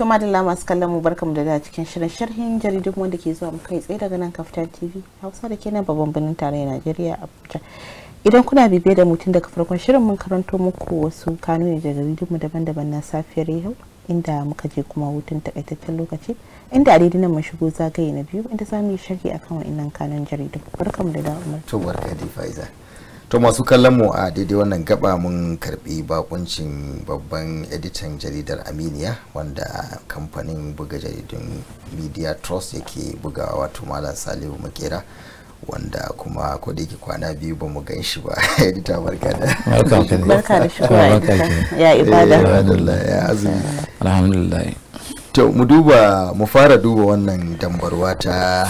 to madalla masu kallon mu barkamu da da cikin shirin sharhin jaridun wanda ke zuwa mu kai tsaye daga nan kaftan tv hausa da kenan babban birnin tarayyar najeriya abuja idan kuna bibiye da mutum daga farkon shirin mun karanto muku wasu kanuni da mu daban-daban na safiyar yau inda muka je kuma hutun takaitaccen lokaci inda a mu shigo zagaye na biyu inda za mu yi sharhi akan wa'innan kanun jaridun barkamu da da umar to to masu kallon mu a daidai wannan gaba mun karbi bakuncin babban editan jaridar aminiya wanda kamfanin buga jaridun media trust yake bugawa wato malam salihu makera wanda kuma ko da yake kwana biyu ba mu gan shi ba edita barka da barka da ya ibada eh, ya to mu duba mu fara duba wannan dambarwa ta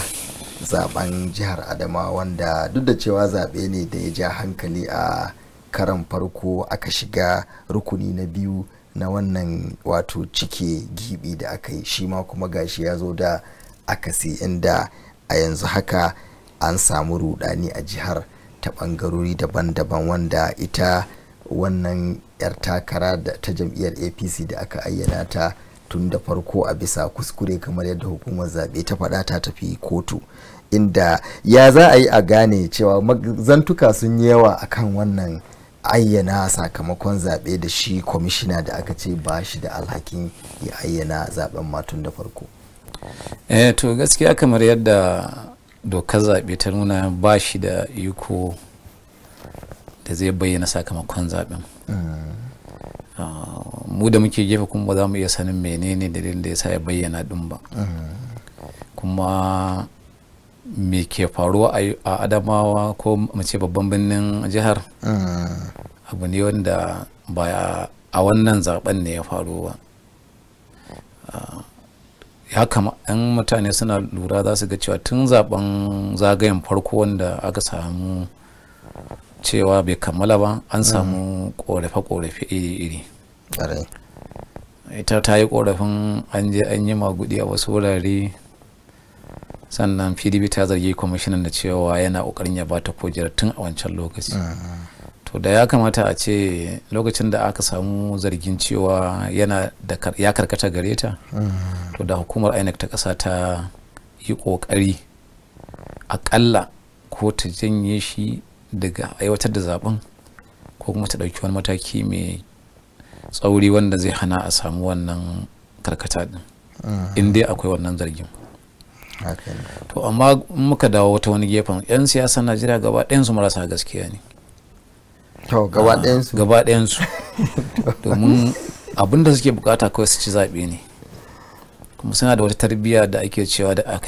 zaben jihar adama wanda duk da cewa zaɓe ne da ya ja hankali a karan farko aka shiga rukuni na biyu na wannan wato cike gibi da aka yi shi ma kuma gashi ya zo da akasi inda a yanzu haka an samu rudani a jihar ta bangarori daban-daban wanda ita wannan 'yar takara da ta jam'iyyar apc da aka ayyana ta tun da farko a bisa kuskure kamar yadda hukumar zaɓe ta faɗa ta tafi kotu inda ya za a yi a gane cewa zantuka sun yi yawa a kan wannan ayyana sakamakon zaɓe da shi kwamishina da aka ce ba shi da alhakin ya ayyana zaben matun da farko eh to gaskiya kamar yadda dokar zaɓe ta nuna ba shi da iko da zai bayyana sakamakon zaɓen mm. ah, mu da muke gefe kuma ba za mu iya sanin menene dalilin da ya sa ya bayyana ɗin ba mm. kuma me ke faruwa a adamawa ko mace babban birnin jihar ah. abu ne wanda ba a wannan zaben ne ya faru ba ah, ya kama yan mutane suna lura za su ga cewa tun zaben zagayen farko wanda aka samu cewa bai kammala ba an samu korafe-korafe mm. iri-iri ita ta yi korafin an je an yi magudi a wasu wurare sannan pdp ta zargi kwamishinan da cewa yana kokarin ya bata kujerar tun a wancan lokaci ah, to da ya kamata a ce lokacin da aka samu zargin cewa yana da ya karkata gare ta ah. to da hukumar inec ta kasa ta yi kokari akalla ko ta janye shi daga aiwatar da zaben ko kuma ta ɗauki wani mataki mai tsauri wanda zai hana a samu wannan karkata din ah. in dai akwai wannan zargin to amma muka dawo wata wani gefen yan siyasa najeriya gaba su marasa gaskiya ne to gaba ah, su gaba su domin abin suke bukata kawai su ci zaɓe ne kuma suna da wata tarbiyya da ake cewa da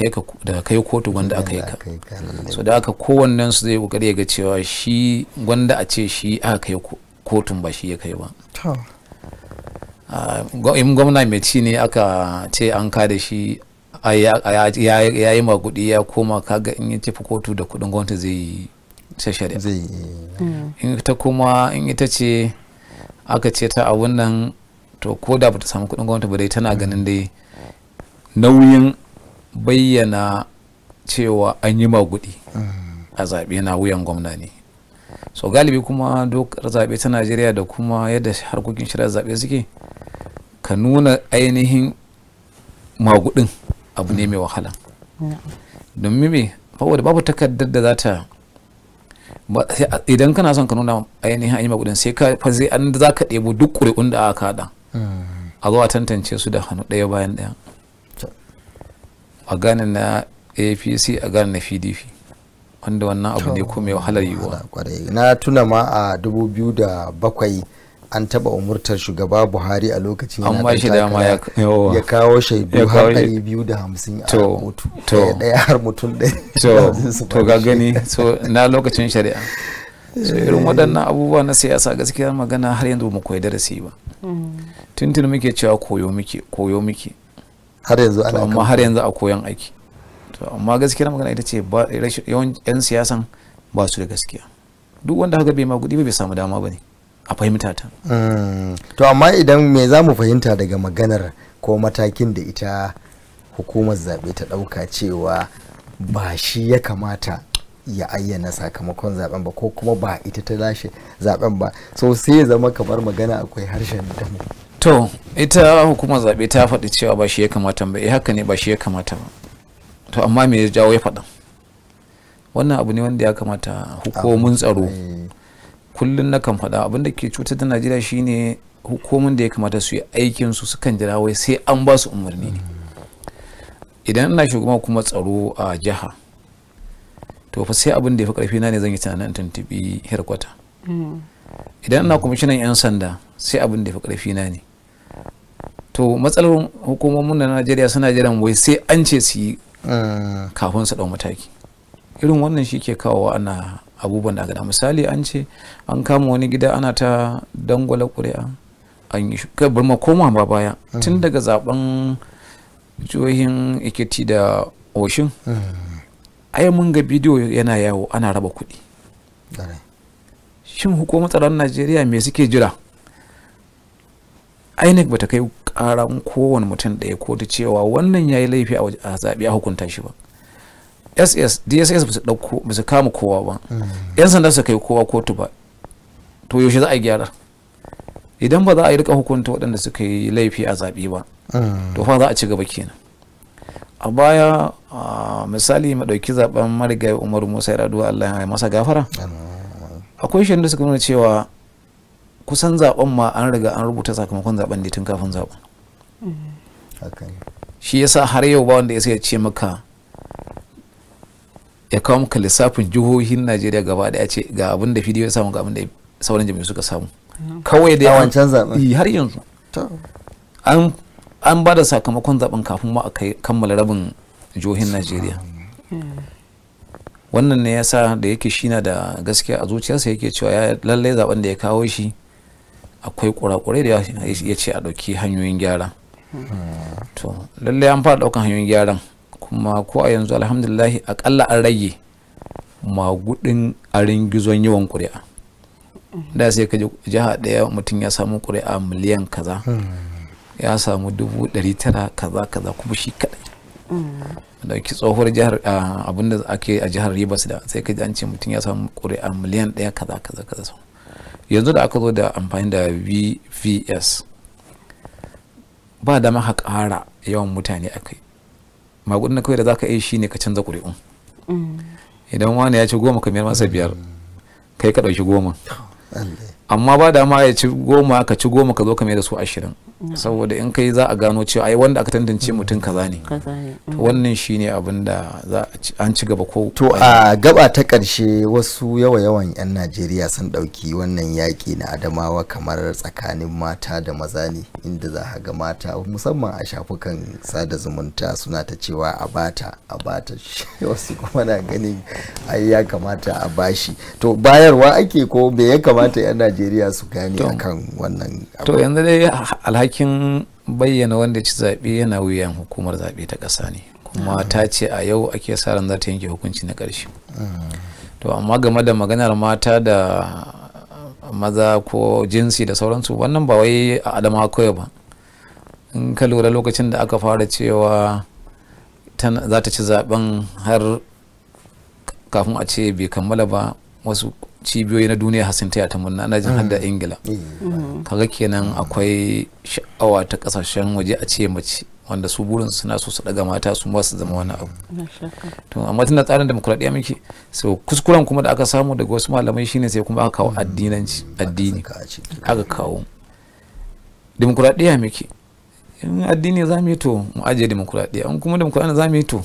kai kotu gwanda aka yi ka so da aka kowannen su zai kokari ga cewa shi gwanda a ce shi aka kai kotun ba shi ya kai ba ah, in gwamna mai ci ne aka ce an kada shi ya yi magudi ya koma kaga in ya tafi kotu da kudin gwamnati zai yi Zai yi. in ta kuma in ita ce aka ce ta a wannan to ko da bata samu kudin gwamnati ba dai tana ganin dai nauyin bayyana cewa an yi magudi mm. a zaɓe na wuyan gwamna ne so galibi kuma dokar zaɓe ta najeriya da kuma yadda harkokin shirar zaɓe suke ka nuna ainihin magudin abu ne mai wahala domin me saboda babu takardar da za ta idan kana son ka nuna ainihin ayyuma magudin sai ka fazi sai an za ka ɗebo duk ƙuri'un da aka haɗa hmm. a zuwa a tantance su da hannu ɗaya bayan ɗaya a gane na apc a gane na pdp wanda wannan abu ne ko mai wahalar yiwuwa na tuna ma a dubu biyu da bakwai. an taba umurtar shugaba buhari a lokacin amma shi dama ya kawo shaidu har ɗari biyu da hamsin a kotu ɗaya har mutum ɗaya to ga gani so na lokacin shari'a so irin eh. waɗannan abubuwa na siyasa gaskiya magana har yanzu mu koyi darasi ba mm. tuntun muke cewa koyo muke koyo muke har yanzu ana amma har yanzu a koyon aiki to amma gaskiya magana ita ce ba yawan yan siyasan ba su da gaskiya duk wanda haka bai gudi ba bai samu dama ba ne a fahimta ta hmm. to amma idan me za mu fahimta daga maganar ko matakin da ita hukumar zaɓe ta ɗauka cewa ba shi ya kamata ya ayyana sakamakon zaben ba ko kuma ba ita ta lashe zaben ba so sai ya zama kamar magana akwai harshen da to ita hukumar zaɓe ta faɗi cewa ba shi ya kamata ba eh haka ne ba shi ya kamata ba to amma me ya jawo ya faɗa wannan abu ne wanda ya kamata hukumomin tsaro kullum na kan faɗa abinda ke cutar da najeriya shine hukumin da ya kamata su yi aikin su sukan jira wai sai an ba su umarni ne idan ina shugaban kuma tsaro a jiha to fa sai abin da ya fi karfi na ne zan yi tunanin tuntubi herkwata idan ina kwamishinan yan sanda sai abin da ya fi karfi na ne to matsalar hukumomin na najeriya suna jiran wai sai an ce su yi eh. kafin su ɗau mataki irin wannan shi ke kawo ana abubuwan da gada misali an ce an kama wani gida ana ta dangwala kuri'a an yi bari ma koma ba baya mm. tun daga zaben jihohin ikiti da oshin mm. ai mun ga bidiyo yana yawo ana raba kuɗi shin hukumar tsaron najeriya me suke jira inec ta kai karan kowane mutum ɗaya ko ta cewa wannan ya yi laifi a zaɓe a hukunta shi ba ss dss ba su dauko ba su kama kowa ba yan sanda su kai kowa kotu ba to yaushe za a gyara idan ba za a yi rika hukunta waɗanda suka yi laifi a zaɓe ba to fa za a ci gaba kenan a baya misali maɗauki zaben marigayi umaru musa ya raduwa allah ya masa gafara akwai shi da suka nuna cewa kusan zaben ma an riga an rubuta sakamakon zaben ne tun kafin zaben mm. shi yasa har yau ba wanda ya sai ya ce maka ya kawo maka lissafin jihohin najeriya gaba da ya ce ga abin da fidiyo ya samu ga abin da sauran jami'u suka samu kawai da yawancan zaɓen eh, har yanzu an ba da sakamakon zaben kafin ma a kammala rabin jihohin najeriya wannan ne yasa da yake shi na da gaskiya a zuciyarsa yake cewa ya lallai zaɓen da ya kawo shi akwai kurakurai da ya ce a ɗauki hanyoyin gyara to lallai an fara ɗaukan hanyoyin gyaran kuma ko a yanzu alhamdulillahi akalla an rage magudin arin gizon yawan kuri'a da sai ka jiha daya mutum ya samu kuri'a miliyan kaza ya samu dubu dari tara kaza kaza kuma shi kaɗai dauki tsohuwar jihar abinda ake a jihar ribas da sai ka ji an ce mutum ya samu kuri'a miliyan ɗaya kaza kaza kaza yanzu da aka zo da amfani da vvs ba da maka yawan mutane akai magudin kawai da zaka yi shine ka canza ƙuri'un idan wani ya ci goma ka miyar masa biyar kai ka ɗauki goma amma ba da ma ya ci goma ka ci goma ka zo ka mai da su ashirin saboda in kai za a gano cewa ai wanda aka tantance mm. mutum kaza ne mm. wannan shine abin da an ci gaba ko to a gaba ta karshe wasu yawa yawan yan Najeriya sun dauki wannan yaki na Adamawa kamar tsakanin mata da maza ne inda za a ga mata musamman a shafukan sada zumunta suna ta cewa a bata a bata wasu kuma na ganin ai ya kamata a bashi to bayarwa ake ko me ya kamata yan Najeriya su gane akan wannan to yanzu dai alhaki alhakin bayyana wanda ci zaɓe yana wuyan hukumar zaɓe ta ƙasa ne kuma mm. ta ce a yau ake sa ran za ta yanke hukunci na ƙarshe mm. to amma game da maganar mata da maza ko jinsi da sauransu wannan ba wai a adama kawai ba in ka lura lokacin da aka fara cewa za ta ci zaɓen har kafin a ce bai kammala ba wasu cibiyoyi na duniya hasintaya ta murna ana jin hadda mm. ingila mm. kaga kenan akwai sha'awa ta kasashen waje a ce mace wanda su burin suna so su daga mata su ba su zama wani abu to amma tunda tsarin demokradiya muke so kuskuren kuma da aka samu daga wasu malamai shine sai kuma aka kawo mm. addinanci addini aka kawo demokradiya muke in addini za mu yi to mu ajiye demokradiya in kuma demokradiya za mu yi to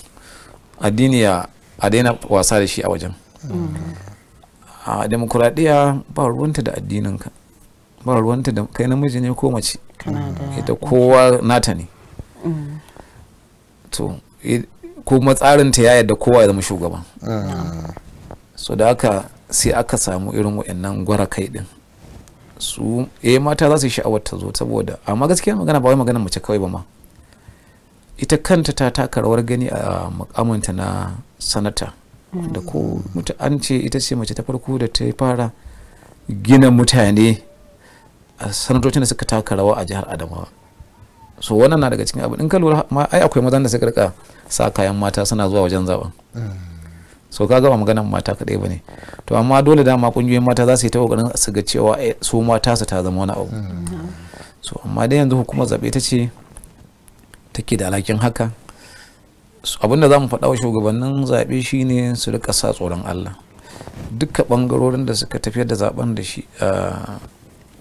addini ya a daina wasa da shi a wajen a demokuraɗiyya ba ruwanta da addininka ba ruwanta da kai namiji ne ko mace ita kowa nata ne to kuma ta ya yadda kowa ya zama shugaba ah. so da haka sai aka samu irin waɗannan gwara kai din su eh mata za su yi sha'awar ta zo saboda amma gaskiya magana ba wai magana mace kawai ba ma ita kanta ta taka rawar gani a mukamanta na sanata da ko an ce ita ce mace ta farko da ta fara gina mutane a sanatocin da suka taka rawa a jihar adamawa so wannan na daga cikin abu in ka lura ma ai akwai mazan da suka rika sa kayan mata suna zuwa wajen zaɓa. so ka gaba maganan mata kadai ba ne to amma dole dama kungiyoyin mata za su yi ta kokarin su ga cewa eh, su mata su ta zama wani abu mm. so amma dai yanzu hukumar zaɓe ta ce take da alhakin haka abinda za mu faɗa wa shugabannin zaɓe shine su rika sa tsoron allah duka ɓangarorin da suka tafiyar da zaben da shi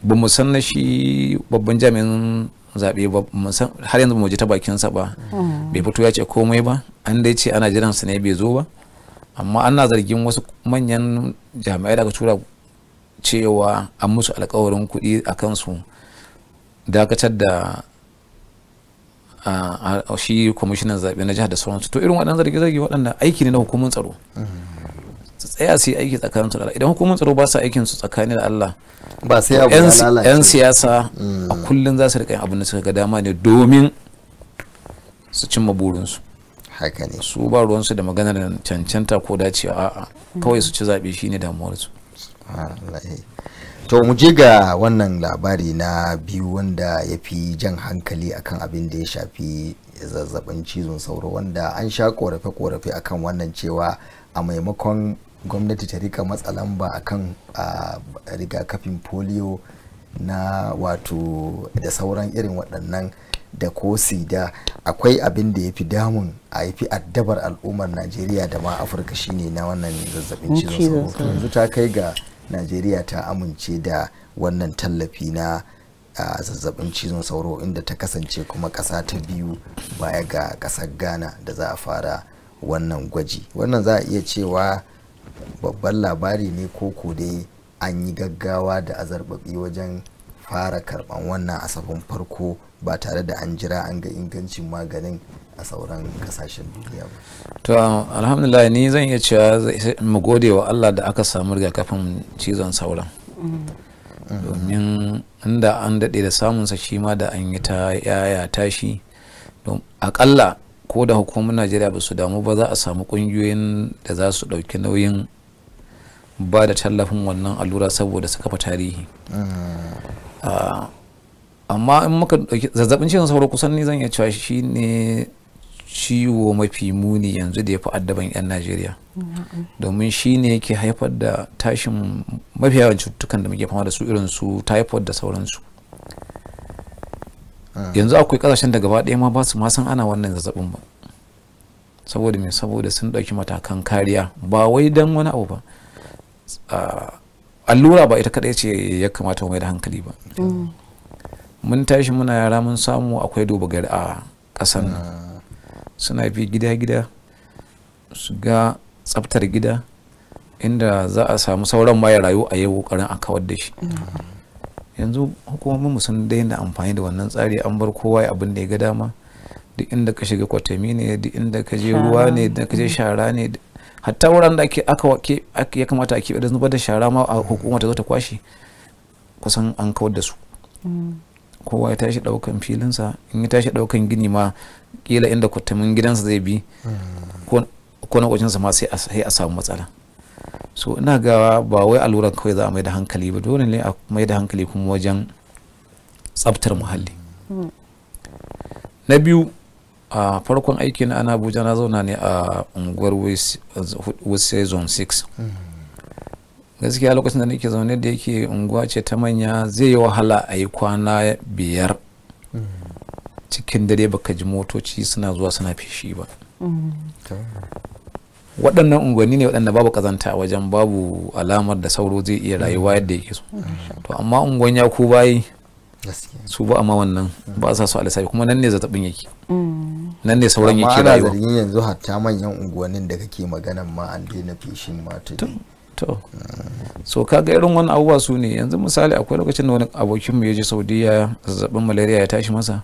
ba mu san na shi babban jami'in zaɓe ba har yanzu mu ji ta bakinsa ba hmm. bai fito ya ce komai ba an dai ce ana jiran su ne bai zo ba amma ana zargin wasu manyan jami'ai da aka tura cewa an musu alƙawarin kuɗi a kansu dakatar da A shi kwamishinan zaɓe na jihar da sauransu to irin waɗannan zargi zargi waɗanda aiki ne na hukumar tsaro su tsaya su yi aiki tsakanin su da idan hukumar tsaro ba su aikin su tsakani da Allah ba sai abu lalace. yan siyasa mm. a kullun za su rika yin abin da suka ga dama ne domin su cimma burinsu haka ne su ba ruwansu da maganar cancanta ko dacewa a'a kawai su ci zaɓe shine damuwarsu to mu je ga wannan labari na biyu wanda ya fi jan hankali akan abin da ya shafi zazzabin cizon sauro wanda an sha korafe-korafe akan wannan cewa a maimakon gwamnati ta rika matsa lamba akan rigakafin polio na wato da sauran irin waɗannan da ko sida akwai abin da ya fi damun a ya fi addabar al'ummar najeriya da ma afirka shine na wannan zazzabin cizon sauro yanzu ta kai ga najeriya ta amince da wannan tallafi na a zazzabin cizon sauro inda ta kasance kuma ƙasa ta biyu baya ga ƙasar ghana da za a fara wannan gwaji wannan za a iya cewa babban labari ne ko ko dai an yi gaggawa da azarbabi wajen fara karban wannan asabin farko ba tare da an jira an ga ingancin maganin a sauran kasashen duniya ba to alhamdulillah ni zan iya cewa mu gode wa Allah da aka samu rigakafin cizon sauran domin inda an daɗe da samunsa shi ma da an yi ta yaya tashi akalla ko da hukumar najeriya ba su damu ba za a samu ƙungiyoyin da za su ɗauki nauyin ba da tallafin wannan allura saboda su kafa tarihi mm. ah, amma in muka ɗauki zazzabin cizon sauro kusan ni zan iya cewa shi ne ciwo mafi muni yanzu da ya fi addaban 'yan najeriya domin shi ne yake haifar da tashin mafi yawan cututtukan da muke fama da su irin su typhoid da sauransu ah. yanzu akwai kasashen da gaba ɗaya ma ba su ma san ana wannan zazzabin ba saboda me saboda sun ɗauki matakan kariya ba wai don wani abu ba allura ba ita kaɗai ce ya kamata mai da hankali ba mm. mun tashi muna yara mun samu akwai duba gari a ƙasar nan ah. suna bi gida-gida su ga tsaftar gida inda za a samu sauran ma rayu a yau kokarin a kawar da shi yanzu hukumomin mu sun daina amfani da wannan tsari an bar kowa ya abin da ya ga dama duk inda ka shiga kwatami ne duk inda ka je ruwa ne da ka je shara ne hatta wuraren da ake aka ya kamata a keɓe da zubar da shara ma a hukuma ta zo ta kwashe kusan an kawar da su kowa ya tashi daukan filinsa in ya tashi daukan gini ma kila inda kwatamin gidansa zai bi ko na kwacinsa ma sai a samu matsala so ina gawa ba wai alluran kawai za a mai da hankali ba dole ne a mai da hankali kuma wajen tsabtar muhalli na biyu a farkon aiki na ana abuja na zauna ne a unguwar west zone 6 gaskiya lokacin da nake zaune da yake unguwa ce ta manya zai yi wahala a yi kwana biyar cikin dare baka ji motoci suna zuwa suna feshi ba waɗannan unguwanni ne waɗanda babu kazanta wajen babu alamar da sauro zai iya rayuwa yadda yake so to amma unguwan ya ku bayi su ba amma wannan ba sa su alisabi kuma nan ne zazzabin yake nan ne sauran yake rayuwa amma ana zargin yanzu hatta manyan unguwannin da kake maganan ma an daina feshin ma to so kaga irin wani abubuwa su ne yanzu misali akwai lokacin da wani abokinmu ya je saudiya zazzabin malaria ya tashi masa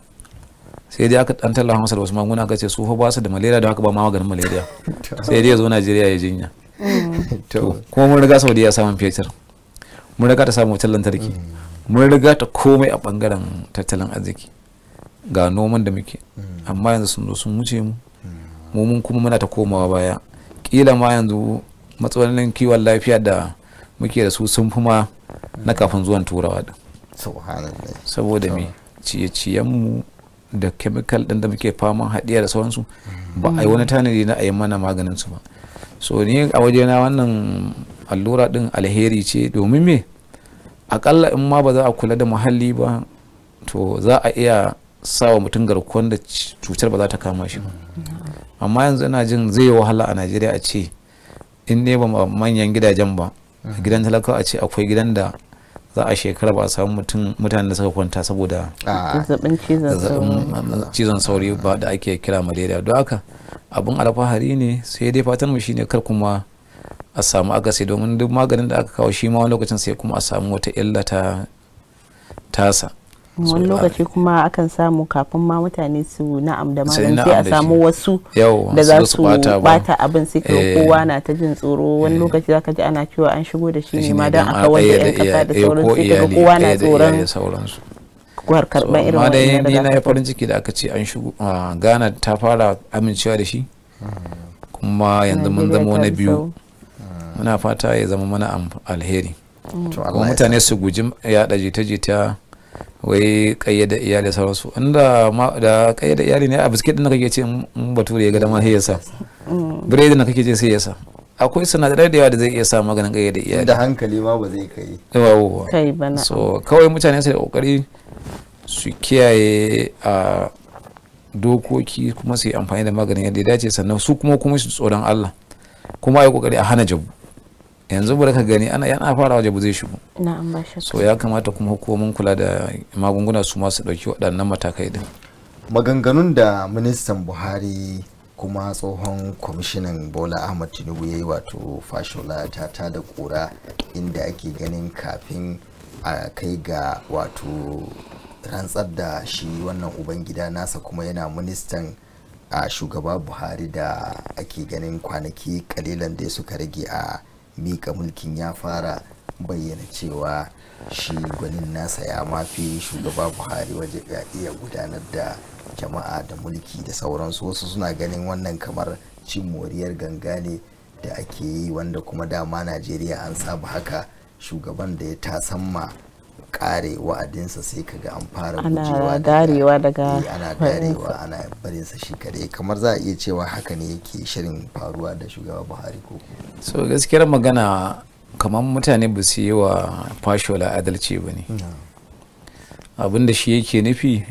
sai dai aka dan tallafa masa da wasu magunguna aka ce su fa ba su da malaria da haka ba ma maganin malaria sai dai ya zo najeriya ya jinya to kuma mun riga saudiya samun fetur mun riga ta samun wutar lantarki mun riga ta komai a bangaren tattalin arziki ga noman da muke amma yanzu sun zo sun wuce mu mu mun kuma muna ta komawa baya kila ma yanzu matsalolin kiwon lafiya da muke da su sun fi ma na kafin zuwan turawa din saboda me ciye-ciyenmu da kemikal din da muke faman haɗiya da sauransu ba a yi wani tanadi na a yi mana maganin su ba so ni a wajena wannan allura din alheri ce domin me akalla in ma ba za a kula da muhalli ba to za a iya sawa mutum garkuwan da cutar ba za ta kama shi ba mm. amma yanzu ina jin zai yi wahala a najeriya a ce in ne ba manyan gidajen ba mhm. gidan talakawa a ce akwai gidan da za a shekara ba a samu mutum mutanen da suka kwanta saboda ah. cizon sauri ba da ake kira malaria don haka abin alfahari ne sai dai fatan mu shine kar kuma a samu akasi domin duk maganin da aka kawo shi ma wani lokacin sai kuma a samu wata illa ta tasa wani lokaci kuma akan samu kafin ma mutane su na'am da malam sai a samu wasu da za su bata abin sai ka eh. kowa na ta jin tsoro wani eh. lokaci zaka ji ana cewa an shigo da shi ne ma dan aka wanda yan kasa da eh, sauran sai ka kowa na tsoron kwar karban irin wannan da na farin ciki da aka ce an shigo Ghana ta fara amincewa da shi kuma yanzu mun zama na biyu muna fata ya zama mana alheri mm. to mutane su guji yaɗa jita-jita wai kayyada iyali sauransu inda da kayyada iyali ne a biskit din kake ce in bature ya ga dama sai ya sa biredi na kake ce sai ya sa akwai sinadarai da yawa da zai iya sa maganin kayyada iyali da hankali ma ba zai kai yawa kai bana so kawai mutane su da kokari su kiyaye a dokoki kuma su yi amfani da maganin yadda ya dace sannan su kuma kuma su tsoron Allah kuma yi kokari a hana jabu yanzu bari ka gani ana yana fara waje zai shigo so ya kamata kuma hukumomin kula da magunguna su masu dauki waɗannan matakai din maganganun da ministan buhari kuma tsohon kwamishinan bola ahmad tinubu ya yi wato fashola ta ta da kura inda ake ganin kafin a kai ga wato rantsar da shi wannan ubangida nasa kuma yana ministan a shugaba buhari da ake ganin kwanaki kalilan da suka rage a mika mulkin ya fara bayyana cewa shi gwanin nasa ya mafi shugaba buhari waje ya iya gudanar da jama'a da mulki da sauransu wasu suna ganin wannan kamar cin moriyar ganga ne da ake yi wanda kuma dama najeriya an saba haka shugaban da ya tasamma kare wa'adinsa sai ka ga an fara gujewa daga eh, ana darewa ana barin shi kare kamar za a iya cewa haka ne yake shirin faruwa da shugaba Buhari ko so gaskiyar magana kamar mutane ba su yi wa fashola adalci ba ne abin da shi yake nufi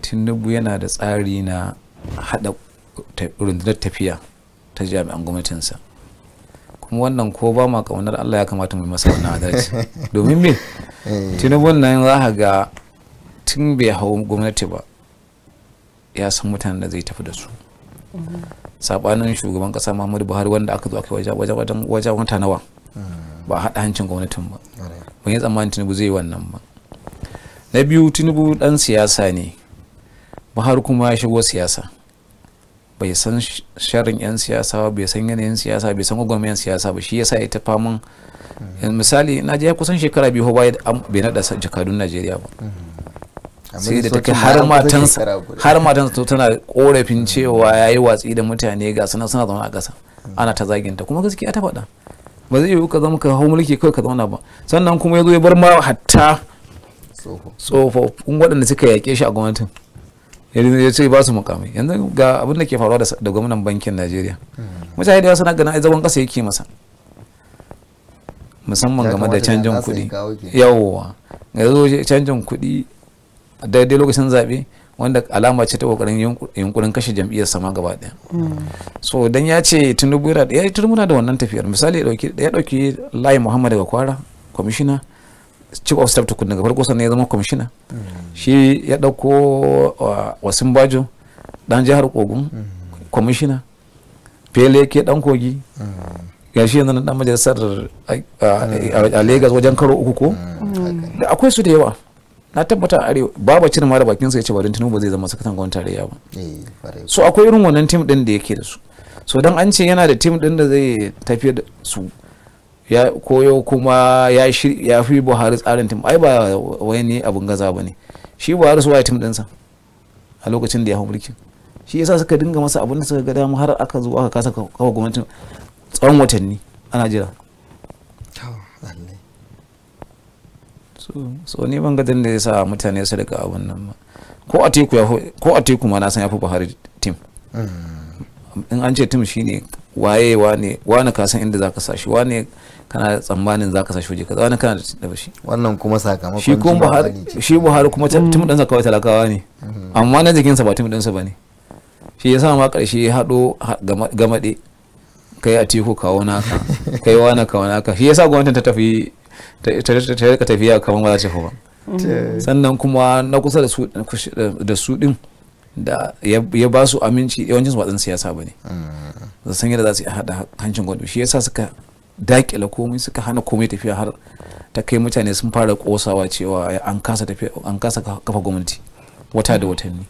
tinubu yana da tsari na hada rundunar tafiya ta jami'an gwamnatinsa kuma wannan ko ba ma kaunar Allah ya kamata mu masa wannan adalci domin me tinubu nan za ka ga tun bai hau gwamnati ba ya san mutanen da zai tafi da su sabanin shugaban kasa Muhammadu Buhari wanda aka zo aka waje wajen wajen wata nawa ba haɗa hancin gwamnatin ba Wani yi tsammanin tinubu zai wannan ba na biyu tinubu dan siyasa ne Buhari kuma ya shigo siyasa bai san sharin 'yan siyasa ba bai san yanayin siyasa bai san yan siyasa ba shi yasa ya ta faman mm. misali na je kusan shekara biyu ba bai naɗa jakadun najeriya ba mm. sai da take har matansa har matansa tana korafin cewa ya yi watsi da mutane ga suna suna zama a ƙasa mm. ana ta zaginta kuma gaskiya ta faɗa ba zai yiwu ka zama ka hau mulki kawai ka zauna ba sannan kuma ya zo ya bar ma hatta tsofaffin waɗanda suka yaƙe shi a gwamnatin ya ce ba su mukami yanzu ga abin da ke faruwa da gwamnan bankin najeriya hmm. mutane da yawa suna ganin zagon kasa yake masa musamman game da canjin kuɗi yawowa ga zo canjin kuɗi daidai lokacin zaɓe wanda alama ce ta kokarin yunkurin kashe jam'iyyar sama gaba ɗaya hmm. so dan ya ce tunubu yana da ya da wannan tafiyar misali ya ɗauki layi muhammad daga kwara kwamishina chief of staff tukun daga farko sannan ya zama Commissioner. shi ya dauko wasin uh, bajo dan jihar kogun Commissioner. fele ke dan kogi ya shi yanzu dan majalisar uh, uh, a lagos wajen karo uku ko akwai su da yawa na tabbata a arewa babu cin ma da bakin sa ya ce ba don tinubu zai zama sakatan gwamnatin tarayya ba eh, so akwai irin wannan tim din da yake da su so dan an ce yana da tim din da zai tafi da su ya koyo kuma ya ya fi buhari tsarin tim ai ba wai ne abun gaza ba ne shi buhari su waye tim ɗinsa a lokacin da ya hau mulkin shi yasa suka dinga masa abin da suka ga dama har aka zo aka kasa kawo gwamnatin tsawon watanni ana jira so ne ban gadon da ya sa mutane su daga abun nan ma ko a teku ko a teku ma na san ya fi buhari tim mm. in an ce tim shine waye wane wane ka san inda zaka sa shi wane kana tsammanin za ka sa shoji kaza wannan kana da shi wannan kuma sakamakon shi kuma Buhari shi Buhari kuma tun mm. dan kawai talakawa ne mm-hmm. amma na jikinsa ba tun dan sa bane shi yasa ma karshe hado gamade kai a tiku kawo ka kai wani kawo ka shi yasa gwamnatin ta tafi ta rika tafiya kamar ba za ta ba mm. sannan kuma na kusa da su din da ya ba su aminci yawancin su ba siyasa ba ne mm. san yadda za su hada hancin gwamnati shi yasa suka dakila komai suka hana komai tafiya har ta kai mutane sun fara kosawa cewa an kasa tafiya an kasa kafa gwamnati wata da watanni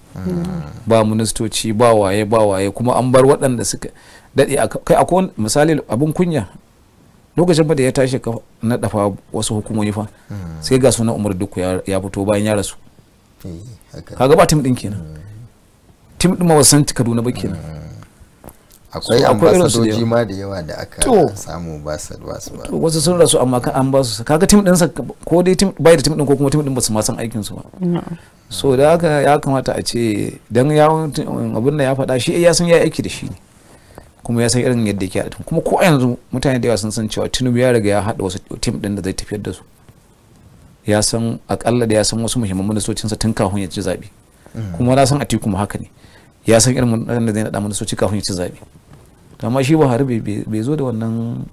ba ministoci ba waye ba waye kuma an bar waɗanda suka daɗe kai akwai misali abin kunya lokacin da ya tashi na dafa wasu hukumomi fa sai ga sunan umar duku ya fito bayan ya rasu eh, kaga ba tim din kenan tim din ma wasan kaduna ba kenan akwai ambasadoji ma da yawa da aka samu ba su ba su ba wasu sun rasu amma an ba su kaga tim sa ko dai tim bai da tim din ko kuma tim din ba su ma san aikin su ba so da haka ya kamata a ce dan ya abun da ya faɗa shi ya san ya aiki da shi ne kuma ya san irin yadda yake a kuma ko a yanzu mutane da yawa sun san cewa tinubu ya riga ya haɗa wasu tim din da zai tafiyar da su ya san akalla da ya san wasu muhimman sa tun kafin ya ci zaɓe mm. kuma na san atiku ma haka ne ya san irin mutanen da zai naɗa mana soci kafin ya ci zaɓe amma shi buhari bai zo da wannan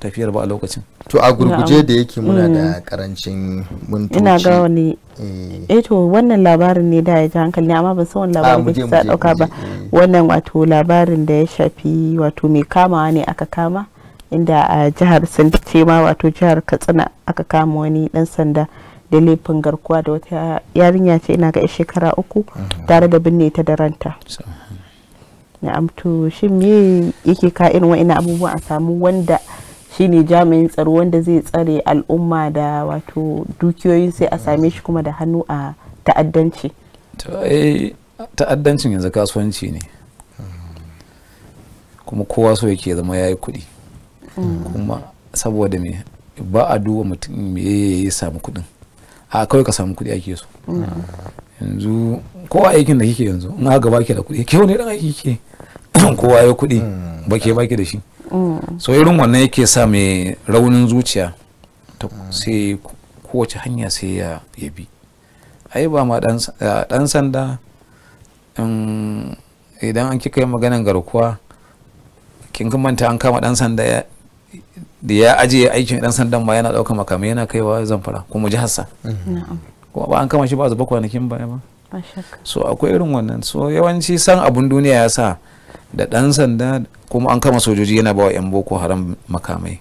tafiyar ba a lokacin to a gurguje da yake muna da karancin mm. mintoci ina ga wani eh. eh to wannan labarin ne da ya ji hankali amma ban san wani labarin da ta dauka ba eh. wannan wato labarin da ya shafi wato mai kamawa ne aka kama inda a jihar sun ce ma wato jihar katsina aka kama wani dan sanda da laifin garkuwa da wata yarinya ce ina ga shekara uku tare da binne ta da ranta na'am to shi me yake ka irin wa'ina abubuwa a samu wanda shi ne jami'in tsaro wanda zai tsare al'umma da wato dukiyoyin sai a same shi kuma da hannu a ta'addanci eh, ta'addancin yanzu kasuwanci ne kuma kowa so yake zama ya yi kuɗi mm. kuma saboda me ba a duba mutum me ya samu kuɗin a kawai ka samu kuɗi ake so yanzu kowa aikin da kike yanzu na ga baki da kuɗi kyau ne dan aiki ke kowa ya kuɗi mm. ke baki da shi mm. so irin wannan yake sa mai raunin zuciya To mm. sai kowace hanya sai ya bi ai ba ma dan sanda idan an kika yi maganan garkuwa kin manta an kama dan sanda da ya ajiye aikin dan sandan ma yana ɗaukar makamai yana kaiwa zamfara kuma jiharsa kuma ba an kama shi ba zuba kwanakin ba ba so akwai irin wannan so yawanci san abun duniya ya sa da ɗan sanda kuma an kama sojoji yana bawa 'yan boko haram makamai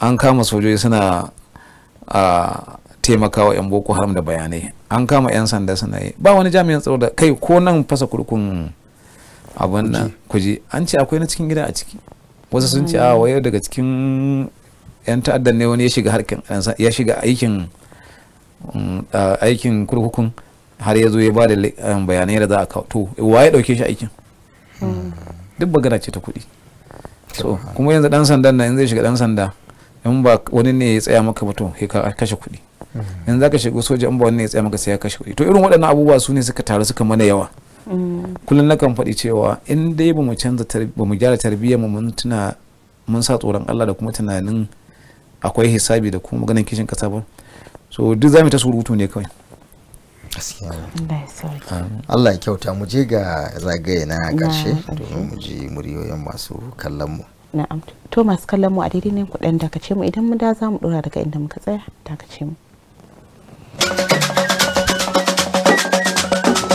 an kama sojoji suna taimakawa 'yan boko haram da bayanai an kama 'yan sanda suna yi ba wani jami'an tsaro da kai ko nan fasa kurkun abun nan kuji an ce akwai na cikin gida a ciki wasu sun ce a mm. waye daga cikin yan ta'addan ne wani ya shiga harkin ya shiga aikin mm, aikin kurkukun har ya zo ya ba da bayanai da za a kawo to wa ya dauke shi aikin mm. duk bagana ce ta kuɗi so kuma yanzu dan sandan nan in zai shiga dan sanda in ba wani ne ya tsaya maka ba to ka kashe kuɗi yanzu ka shiga soja in ba wani ne ya tsaya maka sai ya kashe kuɗi to irin waɗannan abubuwa su ne suka taru suka mana yawa kullum na kan faɗi cewa in dai ba mu canza ba mu gyara tarbiyyar mu mun tuna mun sa tsoron Allah da kuma tunanin akwai hisabi da kuma maganar kishin kasa ba so duk za mu ta surutu ne kawai Allah ya kyauta mu je ga zagaye na karshe domin mu ji muryoyin masu kallon mu na'am to masu kallon mu a daidai ne kuɗin ce mu idan mu da za mu dora daga inda muka tsaya da ce mu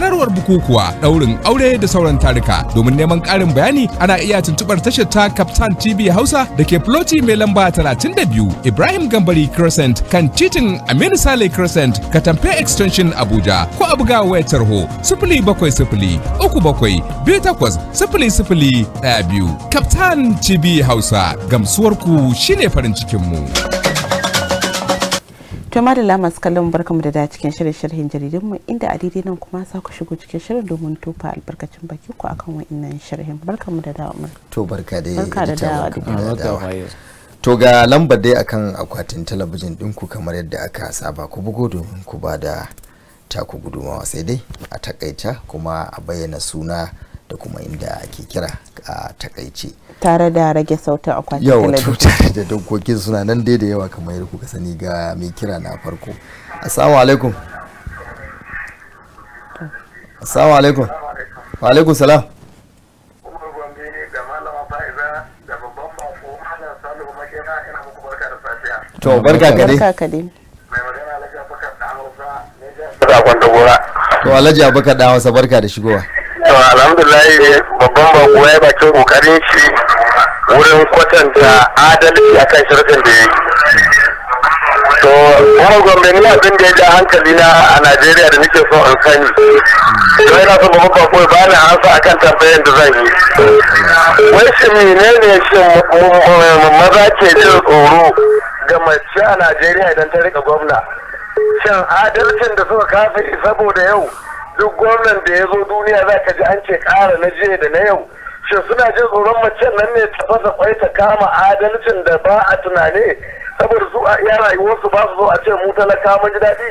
sanarwar bukukuwa daurin aure da sauran tarika domin neman karin bayani ana iya tuntubar tashar ta captain tv hausa da ke floti mai lamba 32 ibrahim gambari crescent kan titin aminu sale crescent katamfe extension abuja ko abuga wayar tarho 070 captain 0800 biyu Kaftan TV Hausa gamsuwarku shine farin cikinmu. to da masu kallon mu da da cikin shirin sharhin mu inda a daidai nan kuma sa ku shigo cikin shirin domin tofa albarkacin baki ku akan wa'innan sharhin mu da dawa to barka da dawa to ga lambar dai akan akwatin talabijin ɗinku kamar yadda aka saba ku bugo domin ku ba da taku gudumawa sai dai a takaita kuma a bayyana suna da kuma inda ake kira a takaice tare da rage sautin akwatin yawa tare da dokokin suna nan dai da yawa kamar yadda kuka sani ga mai kira na farko assalamu alaikum assalamu alaikum wa alaikum salam to barka ka dai barka ka dai to alhaji abubakar da hausa barka da shigowa to alhamdulillah babban bako ya bakin kokarin shi wurin kwatanta adalci akan shirkin da ya yi to kuma ni abin da ya ja hankali na a najeriya da nake so in sani to yana so babban bako ya bani hansa akan tambayan da zan yi wai shi menene shi maza ke jin tsoro ga mace a najeriya idan ta rika gwamna Shan adalcin da suka kafe saboda yau duk gwamnan da ya zo duniya za ka ji an ce ƙara na jiya da na yau shi suna jin tsoron macen nan ne ta fasa kwai ta kama adalcin da ba a tunane saboda su a iya rayuwarsu ba su zo a ce mu talaka mun ji daɗi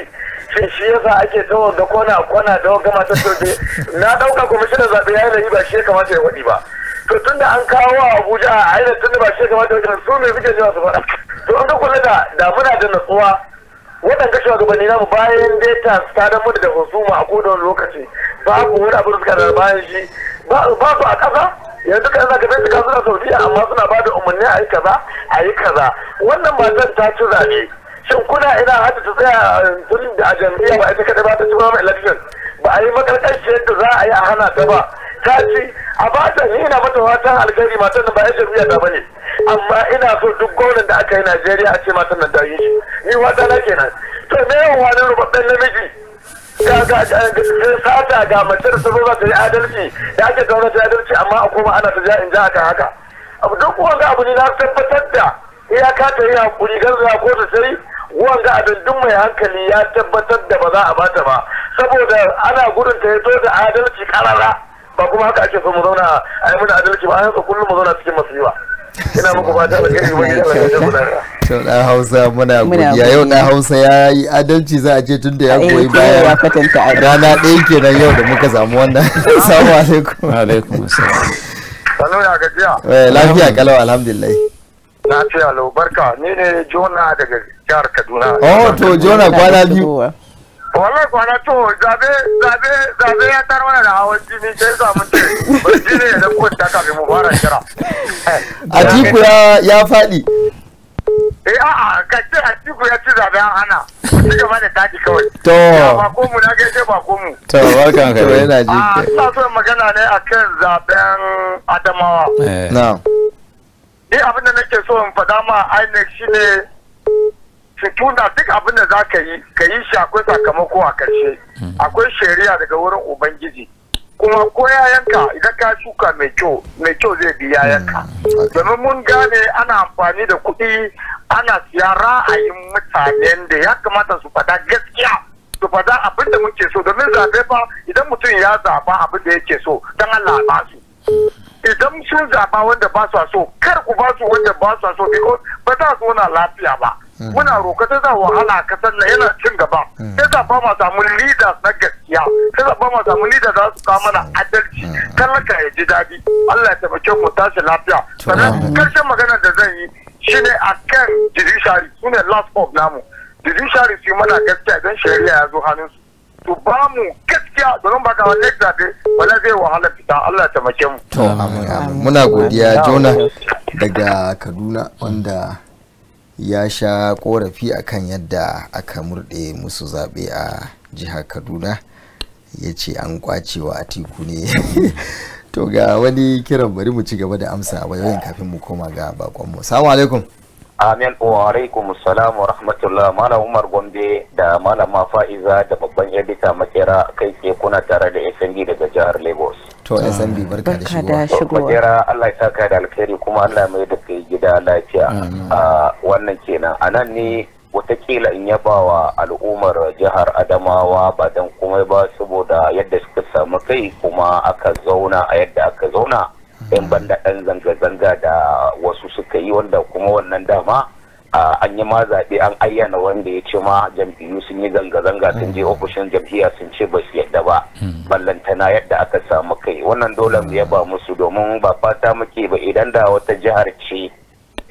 shin shi yasa ake ta wanga kona kona da wanga mata tobe na ɗauka kwamishinan zaɓe ya yi ba shi ya kamata ya waɗi ba to tun da an kawo Abuja a ainihin tun da ba shi ya kamata ya waɗi su ne suke jira su faɗa to an ka kula da damuna da natsuwa waɗanda shugabanni namu bayan data ta damar da husuma a kodon lokaci babu wani abu da suka da bayan shi ba su a ƙasa yanzu kan zaka bai suka suna saudiya amma suna ba da umarni a yi kaza a yi kaza wannan matan ta ci zaɓe shin kuna ina hata ta tsaya tun da a jam'iyya ba ita kaɗai ba ta ci ba election ba a yi makarƙashi yadda za a yi a hana ta ba ta ci a ba ta na mata watan alkhairi matan da ba ya jam'iyya ta ba ne. amma ina so duk gwamnan da aka yi najeriya a ce matan nan da yi shi ni wata na ke nan to me yawan wani rubabben namiji sata ga mace da ba ta yi adalci da ake zaune ta adalci amma a koma ana ta in ja akan haka abu duk wanga abu ne na tabbatar da iyaka ta yi hakuri zuwa ko ta wanga abin duk mai hankali ya tabbatar da ba za a bata ba saboda ana gudun ta yato da adalci karara ba kuma haka ake so mu zauna a yi mana adalci ba a yanzu kullum mu zauna cikin masu yiwa ina muku fata alheri wani da to dan hausa muna godiya yau dan hausa ya yi adalci za a je tun da ya eh, goyi bayan rana ɗaya kenan yau da muka samu wannan assalamu alaikum alaikum assalam salo ya gajiya eh, lafiya kalau alhamdulillah na ce alo barka ni ne jona daga jihar kaduna oh to jona kwana biyu wallahi kwana to zabe zabe zabe ya tar mana da hawan jini sai sa mun ce bari ne da kwanta kafin mu fara kira Atiku ya ya fadi eh, a'a ka ce Atiku ya ci zabe an hana ci gaba da taki kawai to ba ko mu na gaishe ba ko ka yana ji a ah, ina so magana ne akan zaben Adamawa eh. na'am eh nake so in faɗa ma INEC shine tunda duk abin da za ka yi ka yi shi akwai sakamako a ƙarshe hmm. akwai shari'a daga wurin ubangiji kuma ko yayanka idan ka shuka mai kyau mai kyau zai bi yayanka hmm. domin mun gane ana amfani da kuɗi ana siya ra'ayin mutanen da ya kamata su fada gaskiya su fada abin da muke so domin zaɓe fa idan mutum ya zaɓa abin da yake so don Allah ba su idan sun zaɓa wanda ba su so kar ku ba su wanda ba su so ba za su na lafiya ba Eh. muna roƙa sai za wahala kasar na yana cin gaba eh. sai za ba ma samu leaders na gaskiya sai za ba ma samu leaders za su kawo mana adalci eh. talaka ya ji daɗi Allah ya taimake mu tashi lafiya sannan karshen magana da zan yi shine akan judiciary ne last of namu judiciary su mana gaskiya don shari'a ya zo hannun su to ba mu gaskiya domin ba ka wani zaɓe wala zai wahala fita Allah ya taimake mu. To, muna godiya Jona daga Kaduna wanda ya sha korafi akan yadda aka murɗe musu zaɓe a jihar kaduna ya ce an kwacewa a tiku ne to ga wani kiran bari mu ci gaba da amsa a bayan kafin mu koma ga bakonmu salamu alaikum Amin wa alaikum salam wa rahmatullah Malam Umar Gombe da Malama Fa'iza da babban edita makera kai ke kuna tare da SMB daga jihar Lagos. To SMB barka da shigowa. Makera Allah ya saka da alkhairi kuma Allah mai da kai gida lafiya. Wannan kenan anan ne watakila in yaba wa al'ummar jihar Adamawa ba dan komai ba saboda yadda suka samu kai kuma aka zauna a yadda aka zauna. Yan banda ɗan zanga-zanga da wasu suka yi wanda kuma wannan dama an yi ma zaɓe an ayyana wanda ya ce ma jam'iyyu sun yi zanga-zanga sun je ofishin jam'iyya sun ce ba su yadda ba ballantana yadda aka samu kai wannan dole mu yaba musu domin ba fata muke ba idan da wata jihar ce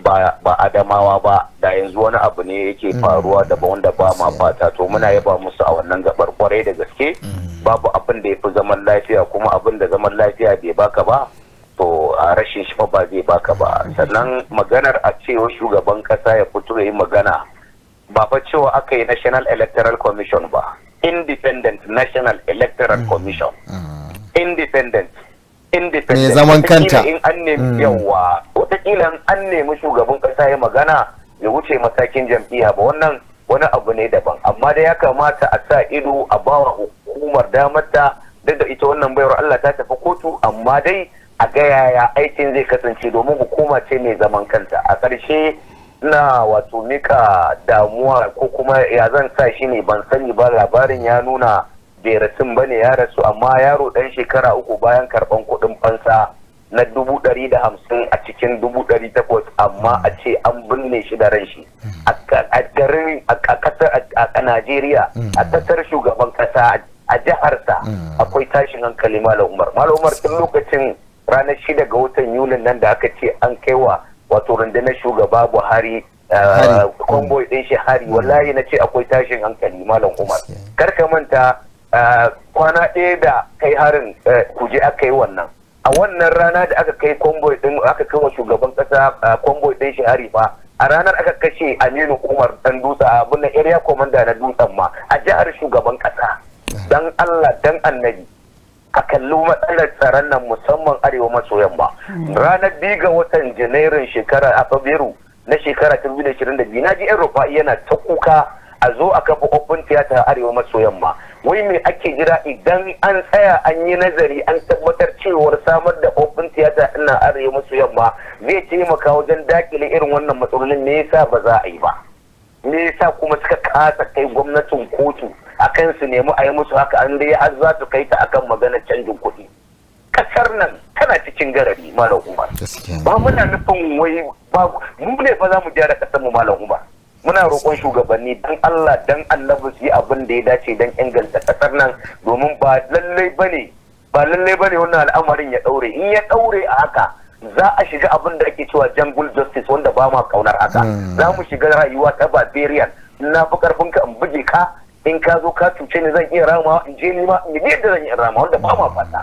ba adamawa ba da yanzu wani abu ne yake mm. faruwa da wanda ba ma fata to muna yaba musu a wannan gabar kwarai da gaske mm. babu abin da ya fi zaman lafiya kuma abin da zaman lafiya bai baka ba to a rashin shi ba zai baka ba sannan maganar a cewa shugaban kasa ya fito yi magana ba fa cewa aka yi national electoral commission ba independent national electoral mm. commission mm. independent independent zaman kanta in an nemi mm. yawa wataƙila an nemi shugaban kasa ya magana ya wuce matakin jam'iyya ba wannan wani abu ne daban amma da ya kamata a sa ido a bawa hukumar damar ta duk da ita wannan bayar Allah ta tafi kotu amma dai a ga yaya aikin zai kasance domin hukuma ce mai zaman kanta a ƙarshe na wato mika damuwa ko kuma ya zan sa shi ne ban sani ba labarin ya nuna bai rasun ba ne ya rasu amma yaro ɗan shekara uku bayan karɓan kuɗin fansa na dubu ɗari da hamsin a cikin dubu ɗari takwas amma a ce an binne shi da ran shi a garin a Najeriya a ƙasar shugaban ƙasa a jiharsa mm. akwai tashin hankali Malam Umar Malam tun lokacin ranar shida ga watan yulin nan da aka ce an kai wa wato rundunar shugaba buhari eh, convoy din shi hari mm. wallahi na ce akwai tashin hankali malam umar kar ka manta eh, kwana ɗaya da kai harin eh, kuje aka yi wannan a wannan rana da aka kai kwamboyi din aka kai wa shugaban kasa kwamboyi din shi hari fa a ranar aka kashe aminu umar dan dutsa abin nan area commander na dutsen ma a jihar shugaban kasa dan allah dan annabi a kalli matsalar tsaron nan musamman arewa maso yamma hmm. ranar biyu ga watan janairun shekara a fabiru na shekara 2022 na ji yan rufa'i yana ta kuka a zo a kafa tiyata tiyata arewa maso yamma wai me ake jira idan an tsaya an yi nazari an tabbatar cewar samar da ofin tiyata ina arewa maso yamma zai taimaka wajen dakile irin wannan matsalolin me yasa ba za a yi ba me yasa kuma suka kasa kai gwamnatin kotu kan su nemi a yi musu haka an dai har za su kai ta akan maganar canjin kuɗi kasar nan tana cikin garari malam umar ba muna nufin wai ba mu ne fa za mu gyara kasar mu malam umar muna roƙon shugabanni dan Allah dan annabi su yi abin da ya dace dan inganta kasar nan domin ba lallai bane ba lallai bane wannan al'amarin ya daure in ya daure a haka za a shiga abin da ake cewa jungle justice wanda ba ma kaunar haka hmm. za mu shiga rayuwa ta barbarian na fi karfin ka in buge ka in ka zo ka cuce ni zan iya rama in je ni ma in je da zan iya rama wanda ba ma fata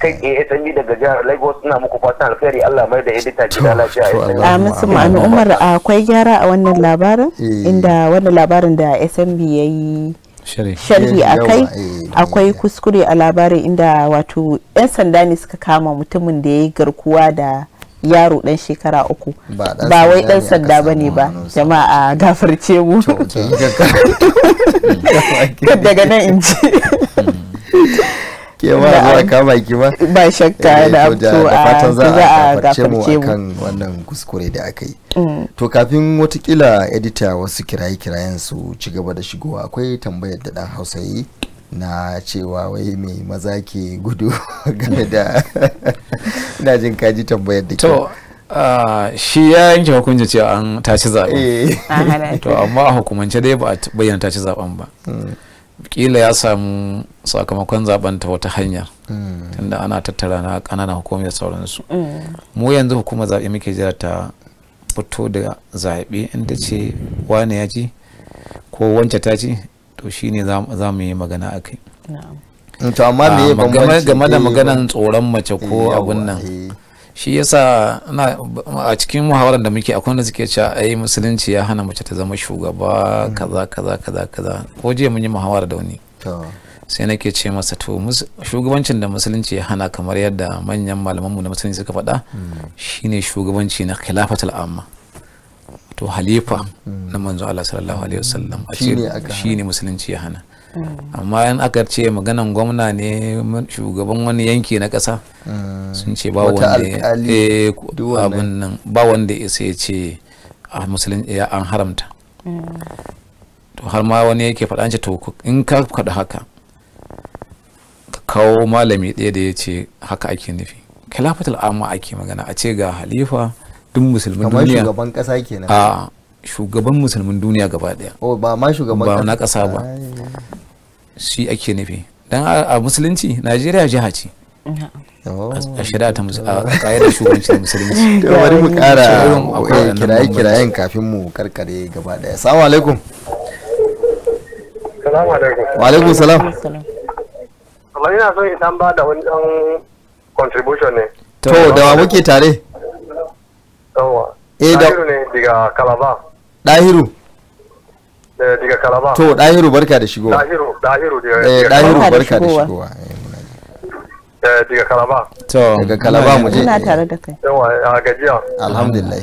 kai eh ta ni daga jihar Lagos ina muku fatan alkhairi Allah mai da edita gida lafiya a musu ma'anu Umar akwai gyara a wannan labarin eh. inda wannan labarin da SMB yayi sharhi a kai eh, akwai kuskure a labarin inda wato 'yan sanda ne suka kama mutumin da ya yi garkuwa da yaro dan shekara uku ba wai dan sanda ba ne ba jama'a gafarce mu daga nan in ji ke ma za a kama ki ba ba shakka eh, da abto a za a gafarce mu kan wannan kuskure da aka yi mm. to kafin watakila edita wasu kiraye kirayen su ci gaba da shigowa akwai tambayar da dan hausa yi na cewa wai mai maza ke gudu game da ina jin kaji tambayar da to shi ya yanke hukunci cewa an tashi zaben eh. to amma a hukumance dai ba a bayyana tashi zaɓen ba hmm. kila ya samu sakamakon zaɓen ta wata hanya hmm. tunda ana tattara na ƙananan hukumar sauransu hmm. mu yanzu hukumar zaɓe muke jira ta fito da zaɓe inda ce wane ya ci ko wance ta ci to shi ne za mu yi magana a kai eh, to amma bambanci ah, game da eh, maganan tsoron mace ko eh, abun nan shi yasa a cikin muhawarar da muke akwai da suke cewa ai musulunci ya hana mace ta zama shugaba hmm. kaza kaza kaza kaza ko jiya mun yi muhawara da wani sai nake ce masa to shugabancin da musulunci ya hana kamar yadda manyan malamanmu na musulunci suka faɗa hmm. shine shugabanci na khilafatul amma to halifa na manzo Allah sallallahu alaihi wasallam a ce shine musulunci ya hana hmm. amma in aka ce maganan gwamna ne shugaban wani yanki na kasa hmm. sun ce ba wanda eh, abin nan ba wanda ya sai ce a musulunci an haramta hmm. to har ma wani yake faɗa ce to in ka faɗa haka ka kawo malami ɗaya da ya ce haka ake nufi khilafatul amma ake magana a ce ga halifa duk musulmin duniya kamar shugaban kasa kenan a shugaban musulmin duniya gaba daya oh ba ma shugaban ba na kasa ba shi ake nufi dan a musulunci Najeriya jiha ce oh. a shari'a ta a shugabanci da musulunci da bari mu kara kirayen kirayen kafin mu karkare gaba daya assalamu alaikum alaikum wa alaikum salam kamar ina so idan ba da wani contribution ne to da wa muke tare eh da ne diga kalaba dahiru eh, diga kalaba to dahiru barka da shigowa dahiru dahiru eh dahiru barka da shigowa eh, eh, kalaba to daga kalaba mu je ina tare da kai yawa a gajiya alhamdulillah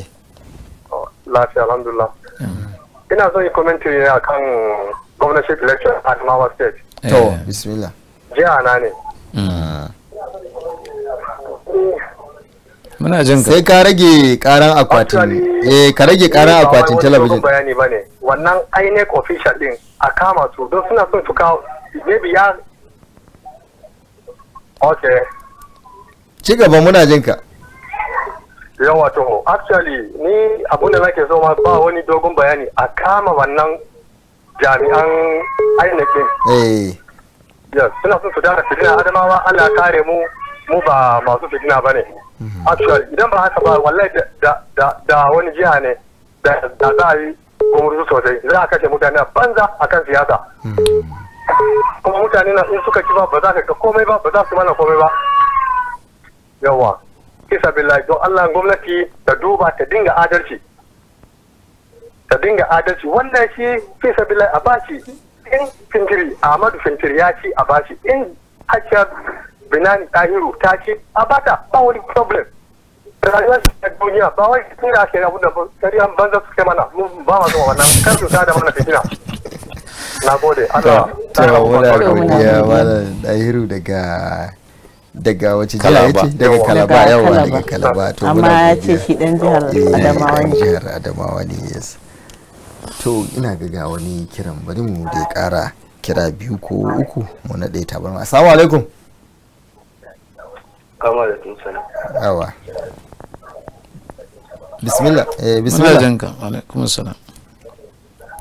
oh, lafiya alhamdulillah mm. ina son yi commentary ne akan gwamnati lecture at Mawa state to bismillah jiya na ne mm. muna jin ka sai ka rage karan akwatin eh ka rage karan akwatin talabijin bayani bane wannan INEC official din a kama su don suna son su kawo maybe ya okay ci gaba muna jin ka yawa to actually ni abunda nake so ma ba wani dogon bayani a kama wannan jami'an INEC din eh yes suna son su dara su dina adamawa Allah kare mu mu ba masu fitina ba ne mhm. actually idan ba haka ba wallahi da wani jiha ne da za a yi gumurzu sosai za a kashe mutane a banza akan siyasa mhm. kuma mutane na in suka ci ba ba za ka ga komai ba ba za su mana komai ba yawa kisa billahi don Allah gwamnati ta duba ta dinga adalci ta dinga adalci wannan shi kisa billahi a bashi in fintiri Ahmadu fintiri ya ci a bashi in hakiyar binani tahiru ta ce a bata ba wani problem rayuwar ta duniya ba wai tun da ake abin da shari'an banza su kai mana mun ba ma zuwa wannan kar su da mana fitina na gode Allah ta wala godiya wala tahiru daga daga wace jiha ya ce daga kalaba yawa daga kalaba to amma ya ce shi dan jihar eh, adamawa ne jihar adamawa ne yes to ina ga wani kiran bari mu dai kara kira biyu ko uku mu naɗe tabarma assalamu alaikum alaikum salam awa bismillah eh bismillah muna jinka alaikum salam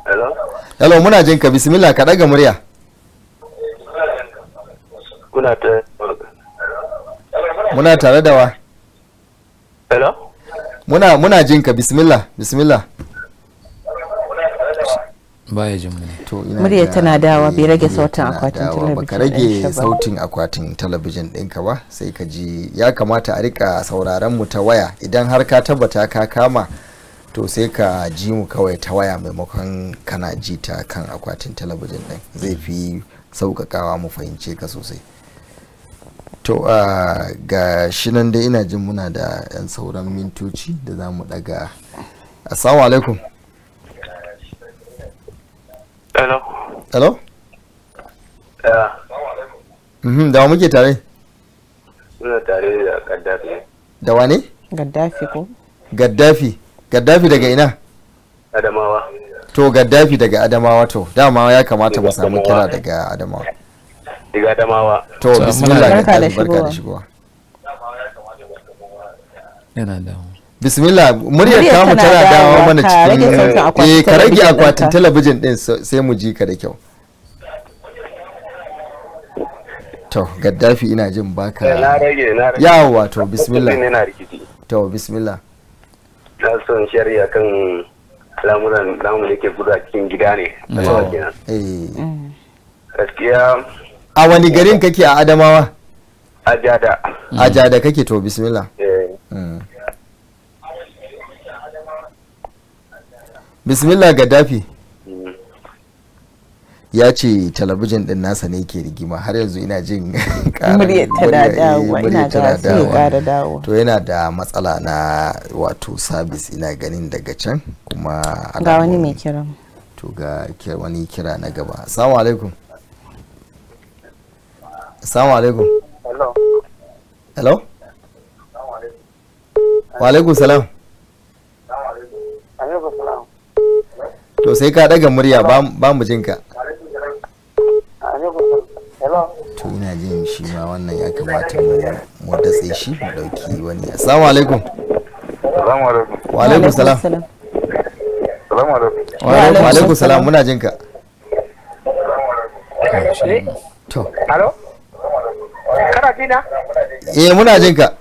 hello hello muna jinka bismillah ka daga murya kuna ta muna tare da wa hello muna muna jinka bismillah bismillah baya jin mu to ina murya tana dawa bai rage sautin akwatin talabijin baka rage sautin akwatin talabijin ɗinka ba sai ka ji ya kamata a rika sauraron mu ta waya idan har ka tabbata ka kama to sai ka ji mu kawai ta waya maimakon kana ji ta kan akwatin talabijin ɗin zai fi sauƙaƙawa mu fahimce ka sosai to a ga shi nan dai ina jin muna da 'yan sauran mintoci da za mu daga assalamu alaikum hello hello yeah mhm da muke tare muna tare da gaddafi da wane gaddafi ko gaddafi gaddafi daga ina adamawa to gaddafi daga adamawa to dama ya kamata mu samu kira daga adamawa daga adamawa to bismillah barka da shigowa yana da bismillah muryar kamu tana dawo mana cikin eh ka rage akwatin talabijin din sai mu ji ka da kyau to gaddafi ina jin baka eh, yawa to bismillah to bismillah na son shari'a kan lamuran da mu ke guda cikin gida ne mm. eh. gaskiya a wani garin kake a adamawa ajada ajada kake to bismillah eh mm. bismillah gaddafi mm. ya ce talabijin din nasa ne ke rigima har yanzu ina jin muryar tana eh, dawowa ina kara dawowa to yana da matsala na wato sabis ina ganin daga can kuma ga wani mai kira to ga wani kira na gaba assalamu alaikum assalamu alaikum hello hello wa alaikum salam to sai ka daga murya ba mu jin ka to ina jin shi ma wannan ya kamata mu datse shi mu dauki wani assalamu alaikum assalamu alaikum wa alaikum salam assalamu alaikum wa alaikum salam muna jin ka eh? to hello kana jina eh muna jin ka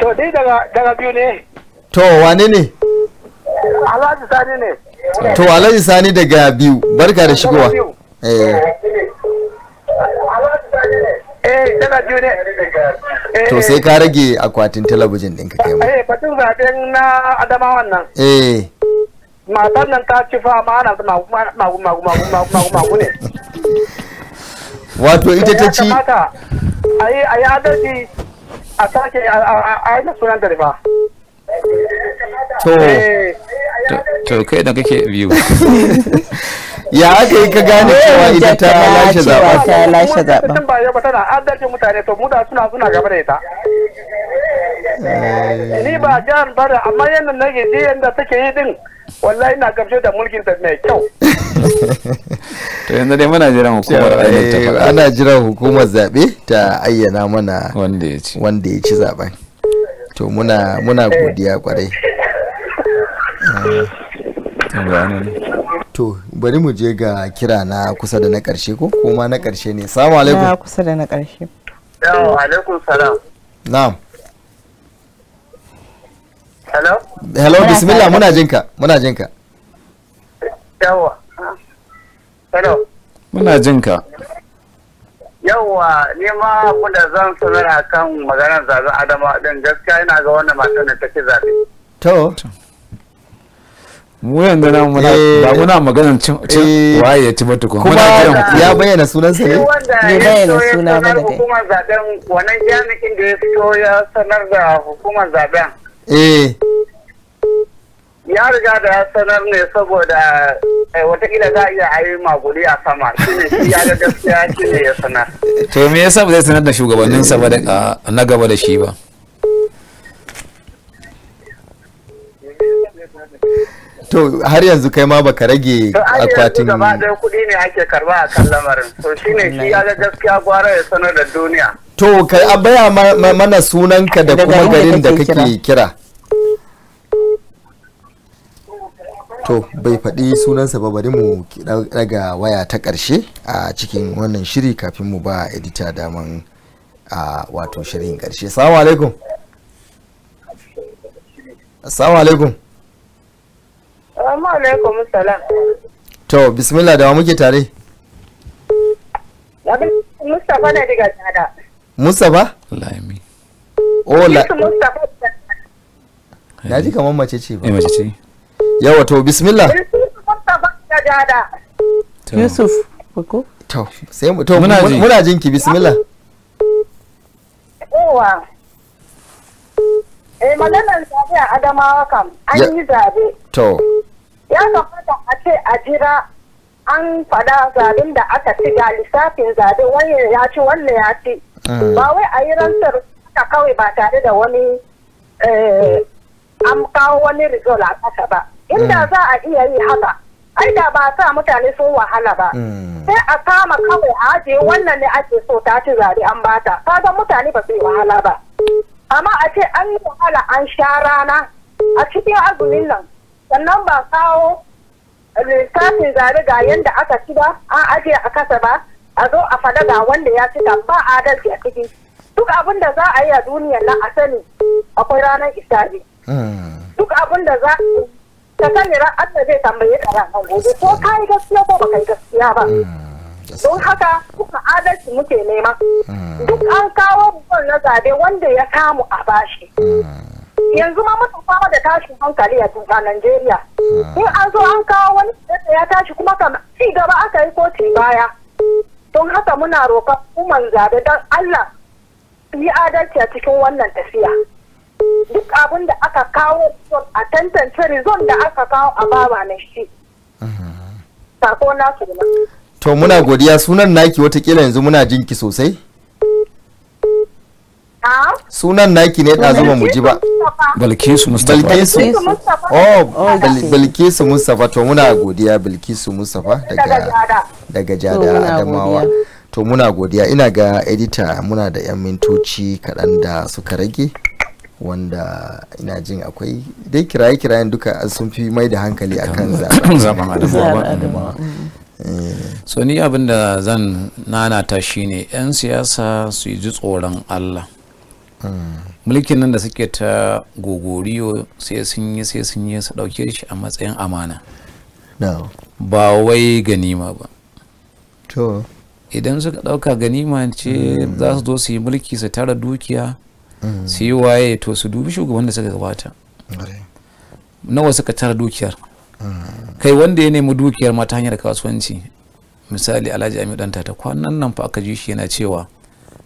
to dai daga daga biyu ne to wane ne alhaji sani ne to alhaji sani daga biyu barka da shigowa to sai ka rage akwatin talabijin ɗinka kai ma eh batun zaben na adama nan eh matan nan ta ci fama ana magu magu magu magu magu magu ne wato ita ta ci a yi adalci a sake a yi sunan da ba Eh. to to kai da kake biyu ya ake ka gane eh, cewa idan ta lashe zaɓa ta lashe zaɓa ba ya ba tana adalci mutane to mu da suna suna gaba da ita eh. ni ba jihar bara amma yadda nake ji yanda take yi din wallahi ina gamshe da mulkin ta mai kyau to yanzu dai muna jiran hukumar ana jiran hukumar zaɓe ta ayyana mana wanda ya ci zaɓen to muna muna godiya kwarai eh. to bari mu je ga kira na kusa da na karshe ko kuma na karshe ne salamu alaikum na kusa da na karshe yawa alaikum salam na'am hello hello bismillah muna jinka muna jinka yawa hello muna jinka yawwa ne ma da zan sanar a kan maganar zaben adama ɗin gaskiya ina ga wannan matan da ke zabe to mu yanzu na muna ba muna maganar cin eh, waye ya ci ba tukun kuma ya bayyana sunan sa ne ne bayyana suna ba da kai hukumar zaben wannan jami'in da ya fito ya sanar da hukumar zaben eh ya riga da ya sanar ne saboda eh, watakila za a iya a yi maguli a sama shi ne ya ga gaskiya shi ne ya sanar to me yasa ba zai sanar da shugabanninsa ba ah, na gaba da shi ba to har yanzu kai ma baka rage akwatin to gaba ɗaya kuɗi ne ake karba a kan lamarin to shine shi ya ga gaskiya gwara ya sanar da duniya to kai a baya mana sunanka da kuma garin da kake kira to bai faɗi sunansa ba bari mu daga waya ta ƙarshe a cikin wannan shiri kafin mu ba edita daman a wato shirin ƙarshe salamu alaikum salamu alaikum salamu alaikum salam to bismillah da wa muke tare Mustapha ne daga tsada. Mustapha? Lami. Oh, la. Mustapha. Na ji kamar mace ce ba. Eh mace ce. yawa to bismillah yusuf ko to sai mu to muna jin ki bismillah kowa. eh maganar zabe a adamawa kam an yi zabe to ya kamata a ce a jira an fada zabin da aka ci ga lissafin zabe wannan ya ci wannan ya ci ah. ba wai a yi rantsar kawai ba tare da wani eh, an kawo wani result a ƙasa ba inda mm. za a iya yi haka ai da ba sa mutane sun wahala ba mm. sai a kama kawai a ajiye wannan ne ake so ta ci zari an bata kaga mutane ba su yi wahala ba amma a ce an yi wahala an sha rana a cikin azumin nan sannan ba kawo lissafin zari ga yadda aka ci ba an ajiye a kasa ba a zo a fada ga wanda ya ci ba adalci a ciki duk abin da za a yi a duniyar nan a sani akwai ranar isabi duk abin da za ta sani ran Allah zai tambaye da ran gobe ko ka yi gaskiya ko baka yi gaskiya ba don haka kuka adalci muke nema duk an kawo buwan na zabe wanda ya samu a bashi yanzu ma mutum fama da tashin hankali a tuka Najeriya in an zo an kawo wani da ya tashi kuma ka ci gaba aka yi koti baya don haka muna roƙon kuman zabe don Allah yi adalci a cikin wannan tafiya. duk abin da aka kawo a tantance rizon da aka kawo a baba na shi sako na suna to muna godiya sunan naki watakila yanzu muna jinki sosai sunan naki ne ɗazu ba mu ji ba bilkisu mustapha bilkisu oh, oh bilkisu mustapha to muna godiya bilkisu mustapha daga daga jada adamawa to muna godiya ina ga edita muna da yan mintoci kaɗan da suka rage wanda ina jin akwai dai kiraye-kirayen duka sun fi mai da hankali akan zaben adamawa eh. so ni abin da zan nanata shine 'yan siyasa su ji tsoron allah hmm. mulkin nan da suke ta gogoriyo sai sun yi sai sun yi su dauke shi a matsayin amana ba wai ganima ba idan suka dauka ganima ce hmm. za su zo su yi mulki su tara dukiya su yi waye to su dubi shugaban da suka gabata nawa suka tara dukiyar kai wanda ya nemi dukiyar ma ta hanyar kasuwanci misali alhaji amir danta ta kwanan nan fa aka ji shi yana cewa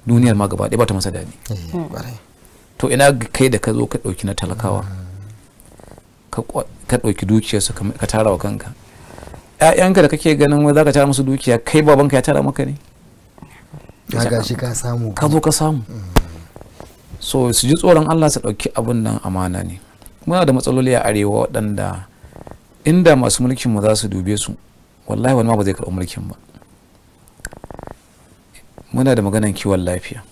duniyar ma gaba ɗaya ba ta masa daɗi eh, to ina kai da ka zo ka ɗauki na talakawa ka ɗauki dukiyar su ka tara wa kanka ƴaƴanka da kake ganin wai za ka tara musu dukiya kai babanka ya tara maka ne ka zo ka samu mm. so su ji tsoron allah su ɗauki abin nan amana ne muna da matsaloli a arewa waɗanda inda masu mulkin mu za su dube su wallahi wani ma ba zai karɓi mulkin ba muna da maganan kiwon lafiya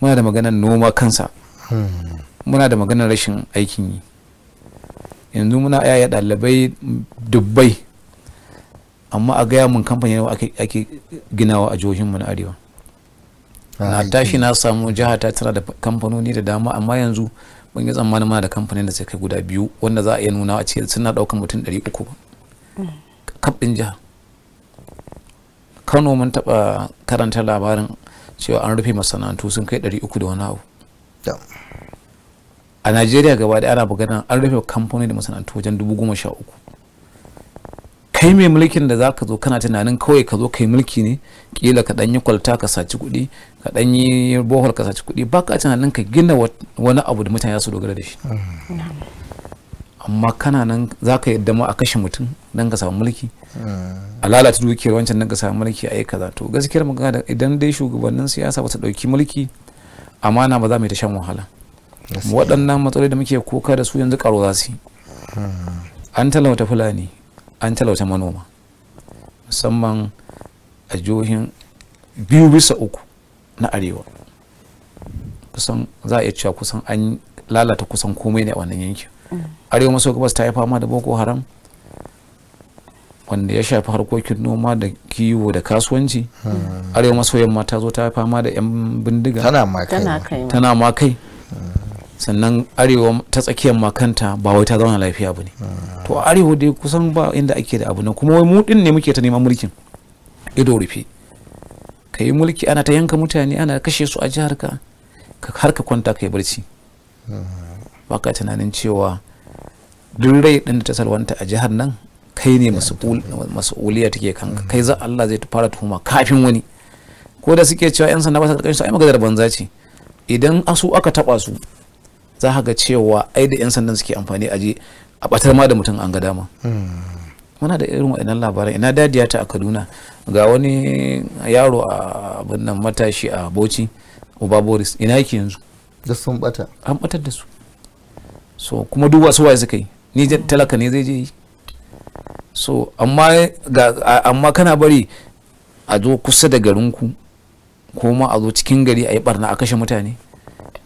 muna da maganan noma kansa muna da maganan rashin aikin yi yanzu muna yaya ɗalibai dubbai amma a gaya mun kamfani ake ginawa a jihohinmu na arewa Ah, na tashi na samu jiha ta tana da kamfanoni da dama amma yanzu ban yi tsammanin mana da kamfanin da sai kai guda biyu wanda za a iya nuna a ce suna daukan mutum 300 mm. kafin jiha kano mun taba karanta labarin cewa an rufe masana'antu sun kai 300 da wani abu a najeriya gaba da ana magana an rufe kamfanoni da masana'antu wajen dubu sha goma uku. kai mai mulkin da za ka zo kana tunanin kawai ka zo kai mulki ne kila ka ɗanyi kwalta ka saci kuɗi ka ɗanyi bohol ka saci kuɗi ba ka tunanin ka gina wani abu da mutane su dogara da shi amma kana nan za ka yadda ma a kashe mutum don ka samu mulki a lalata dukiyar wancan nan ka samu mulki a yi kaza to gaskiyar magana idan dai shugabannin siyasa ba su ɗauki mulki amana ba za mu yi ta shan wahala waɗannan matsaloli da muke kuka da su yanzu karo za su yi an talauta fulani an talauta manoma musamman a jihohin biyu bisa uku na arewa kusan za a iya cewa kusan an lalata kusan komai ne a wannan yankin mm. arewa maso gabas ta yi fama da boko haram wanda ya shafi harkokin noma da kiwo da kasuwanci mm. arewa maso yamma ta zo ta fama da 'yan bindiga tana ma kai mm. sannan arewa ta tsakiyar makanta ba wai ta zauna lafiya ba ne to a arewa dai kusan ba inda ake da abu nan kuma wai mu ne muke ta neman mulkin ido rufe ka yi mulki ana ta yanka mutane ana kashe su a jihar ka har ka kwanta ka yi barci ba ka tunanin cewa duk rai din da ta salwanta a jihar nan kai ne mas'uliya take kanka kai za Allah zai fara tuhuma kafin wani ko da suke cewa yan sanda ba su ƙarƙashin su ai da banza ce idan asu aka taɓa su za ka ga cewa ai da 'yan sandan suke amfani a je a batar ma da mutum an ga dama muna da irin waɗannan labaran ina dadiya ta a kaduna ga wani yaro a abin nan matashi a bauchi uba boris ina yake yanzu da sun bata an batar da su so kuma duk wasu waye suka yi ni talaka ne zai je yi so amma ga amma kana bari a zo kusa da garinku ko ma a zo cikin gari a yi barna a kashe mutane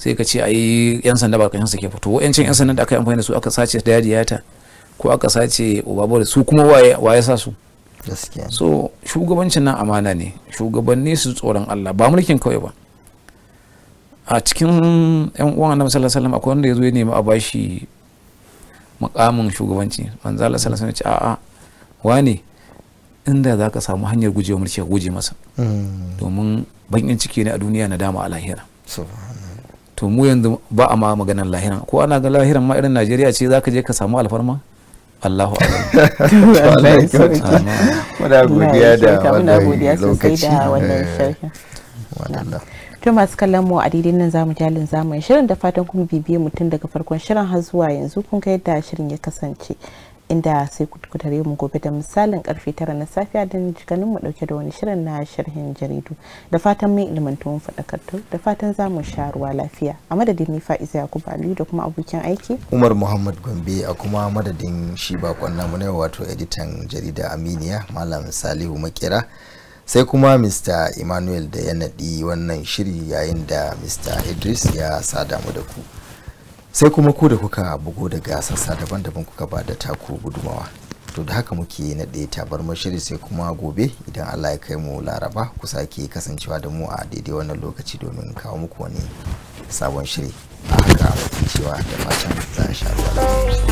sai ka ce a yi yan sanda ba kashin ke fito wa'yancin yan sanda da aka yi amfani da su aka sace da yadiyata ko aka sace obabore su kuma waye sa su so shugabancin nan amana ne shugabanni su tsoron allah ba mulkin kawai ba a cikin yan uwan annabi sallallahu alaihi akwai wanda ya zo ya nema a bashi mukamin shugabanci manzo Allah sallallahu alaihi wasallam ce a'a wane inda zaka samu hanyar gujewa mulki guje masa hmm. domin bakin ciki ne a duniya na dama a lahira to mu yanzu ba a ma maganar lahiran ko ana ga lahiran ma irin najeriya ce za ka je ka samu alfarma Allahu eh, to masu kallon mu a daidai nan zamu jalin zamu shirin da fatan kun bibiye mutum daga farkon shirin har zuwa yanzu kun ga yadda shirin ya kasance. inda sai ku mu gobe da misalin karfe tara na safiya don jikanin mu dauke da wani shirin na sharhin jaridu da fatan mai ilmantuwan faɗakartu da fatan za mu sha ruwa lafiya a madadin ni fa'iza yakubu aliyu da kuma abokin aiki umar muhammad gombe a kuma madadin shi bakon namu na wato editan jarida aminiya malam salihu makera sai kuma mr emmanuel da ya naɗi wannan shiri yayin da mr idris ya mu da ku sai kuma ku da kuka bugo daga sassa daban-daban kuka ba da taku gudumawa to da haka muke naɗe tabarmar shiri sai kuma gobe idan allah ya kai mu laraba ku sake kasancewa da mu a daidai wannan lokaci domin kawo muku wani sabon shiri a haka cewa da macen za a sha ruwa